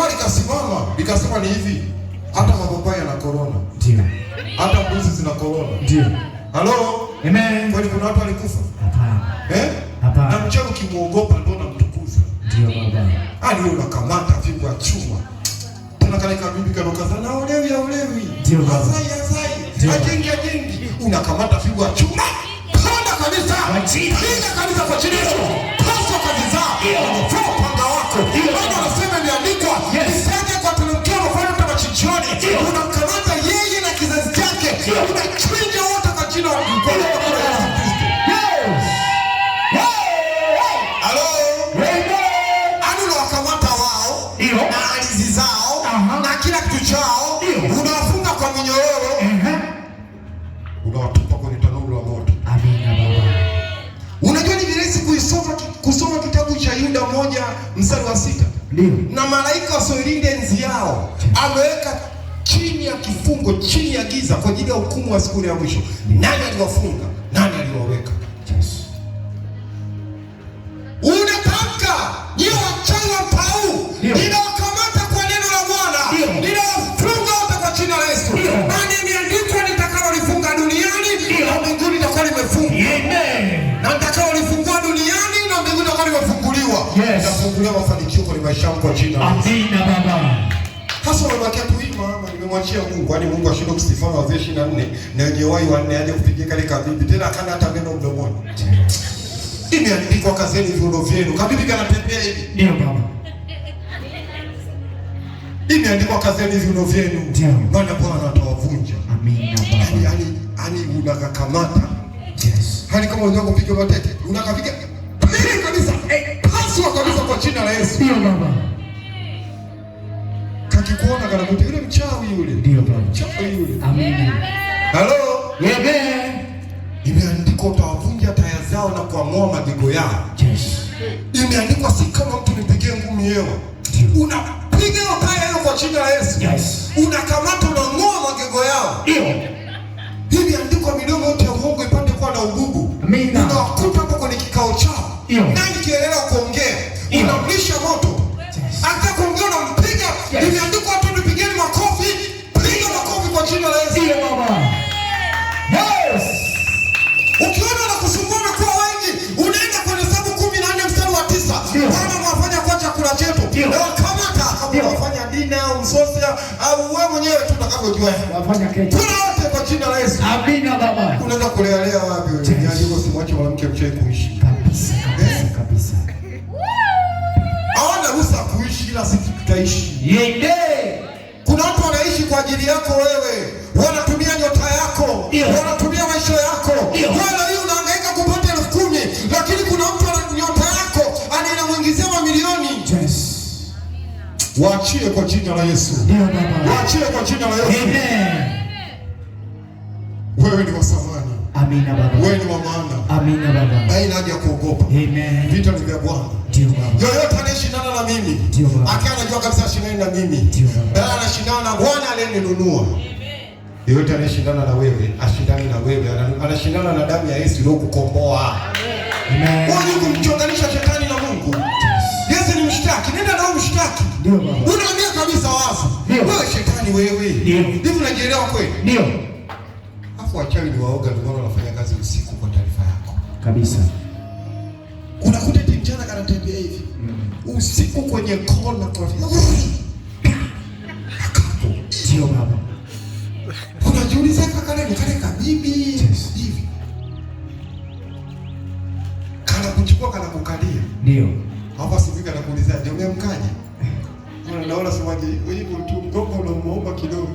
Kama likasimama, likasema ni hivi, hata mapapai yana corona, ndio hata mbuzi zina corona, ndio halo, amen. Kwa Kwani kuna watu walikufa? Hapana, eh, hapana. Na mchawi ukimwogopa ndio unamtukuza, ndio baba. Hadi unakamata fimbo ya chuma tena, kana kabibi kana kaza na olewi ya olewi. ndio baba, sai sai, ajengi ajengi, unakamata fimbo ya chuma, konda kabisa, piga Unawatupa kwenye tanuru la moto. Amina Baba. Unajua ni virahisi kuisoma kusoma kitabu cha Yuda moja mstari wa sita. Ndio. Na malaika wasioilinde enzi yao ameweka chini ya kifungo, chini ya giza kwa ajili ya hukumu wa siku ya mwisho. Nani aliwafunga? Nani aliwaweka? Yes. Unatamka ndio wachawi wa pau. Ndio. Ninawakamata kwa neno la Bwana. Ndio. ni maisha yangu kwa jina la Yesu. Amina baba. Hasa unabakia tu hii mama, nimemwachia Mungu, yaani Mungu ashinde kusifana wa 24 na wenye wai wanne aje kupigia kale kabibi tena kana hata meno mdomoni. Imeandikwa kazeni viuno vyenu. Kabibi kanatembea hivi. Ndio baba. Imeandikwa kazeni viuno vyenu. Ndio. Maana Bwana atawavunja. Amina baba. Yaani, yaani unakakamata. Yes. Hali yaani kama unataka kupiga mateke, unakapiga jina la Yesu. Ndio baba. Kakikuona kana kuti yule mchawi yule. Ndio baba. Mchawi yule. Amen. Halo. Amen. Imeandikwa utawavunja taya zao na kuang'oa magogo yao. Yes. Imeandikwa si kama mtu nipigie ngumi yewa. Unapiga taya hiyo kwa jina la Yesu. Yes. Unakamata unang'oa magego yao. Ndio. Hivi andiko midomo yote ya uongo ipate kuwa na ugugu. Amen. Ndio kutapo kwenye kikao chao. Ndio. mwenyewe tu utakavyojua. Wote kwa jina la Yesu. Amina baba. Unaweza kulelea wapi wewe? Jaji yaani uko simwache mwanamke mchawi kuishi. Kabisa. Eh? Kabisa. Hawana ruhusa kuishi ila sisi tutaishi. Yende. Kuna watu wanaishi kwa ajili yako wewe. Wanatumia nyota yako. Wana Waachie kwa jina la Yesu. Waachie kwa jina la Yesu. Amen. Wewe ni wa thamani. Amina baba. Wewe ni wa maana. Amina baba. Haina haja ya kuogopa. Amen. Vita ni vya Bwana. Yoyote anayeshindana na mimi akiwa anajua kabisa shindani na mimi bali anashindana na Bwana aliyeninunua. Yoyote anayeshindana na wewe ashindani na wewe, anashindana na damu ya Yesu iliyokukomboa. Amen. Wewe kumchonganisha shetani na unaambia kabisa wazi wewe, shetani wewe, hivi unajielewa kweli? Ndio. Alafu wachawi ni waoga, ndio maana wanafanya kazi usiku, kwa taarifa yako kabisa. Unakuta eti mchana kanatembea hivi mm. usiku kwenye kona kwa Ndio baba, unajiuliza kaka, nani kale Yes. hivi kana kuchukua kana kukalia, ndio hapa sifika na kuuliza, je, umeamkaje? na naona semaji hivyo tu, mgongo unamuomba kidogo.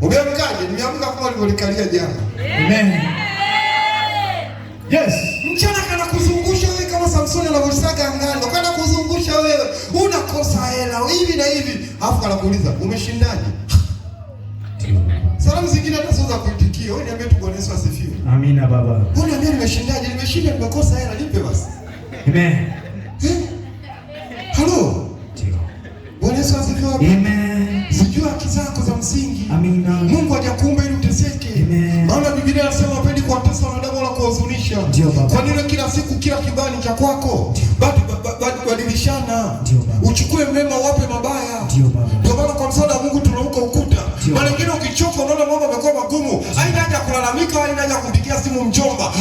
Umeamkaje? Nimeamka kama nilivyolikalia jana. Amen. Yes. Mchana kana kuzungusha wewe kama Samsoni anavyosaga ngano, kana kuzungusha wewe. Unakosa hela hivi na hivi. Alafu kanakuuliza, "Umeshindaje?" Salamu zingine hata sio za kuitikia. Wewe niambie tu Bwana Yesu asifiwe. Amina baba. Wewe niambie nimeshindaje? Nimeshinda nimekosa hela, nipe basi. Amen.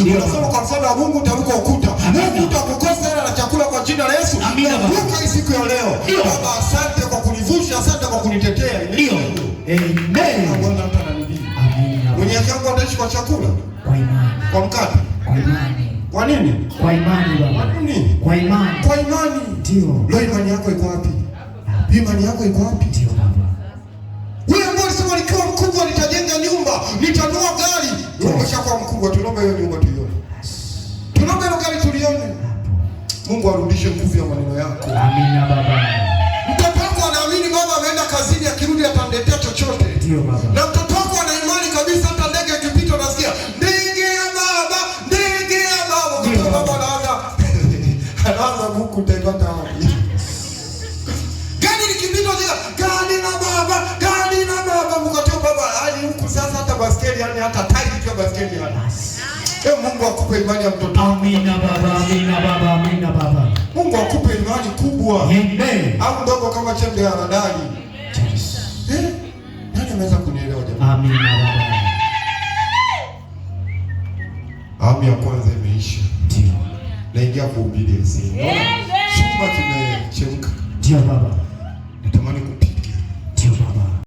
Unasema kwa msaada wa Mungu utaruka ukuta. Mungu utakukosa hela na chakula kwa jina la Yesu. Amina. Ruka siku ya leo. Baba, asante kwa kunivusha, asante kwa kunitetea. Ndio. Amen. Bwana atananibii. Amina. Mwenye yangu ataishi kwa chakula. Kwa imani. Kwa mkate. Kwa imani. Kwa nini? Kwa imani baba. Kwa nini? Kwa imani. Kwa imani. Ndio. Leo imani yako iko wapi? Imani yako iko wapi? nitanua gari. kwa mkubwa, tunaomba hiyo nyumba tuione, tunaomba hiyo gari tulione. Mungu arudishe nguvu ya maneno yako. Amina baba. Mtoto wako anaamini mama ameenda kazini, akirudi atandetea chochote. Ndio baba. Ee Mungu akupe imani ya mtoto. Amina baba, amina baba, amina baba. Mungu akupe imani kubwa. Amen. Au ndogo kama chembe ya haradali. Yes. Eh? Nani ameweza kunielewa jamani? Amina baba. Awamu ya kwanza imeisha. Ndio. Naingia kuhubiri. Amen. Chumba kimechemka. Ndio baba.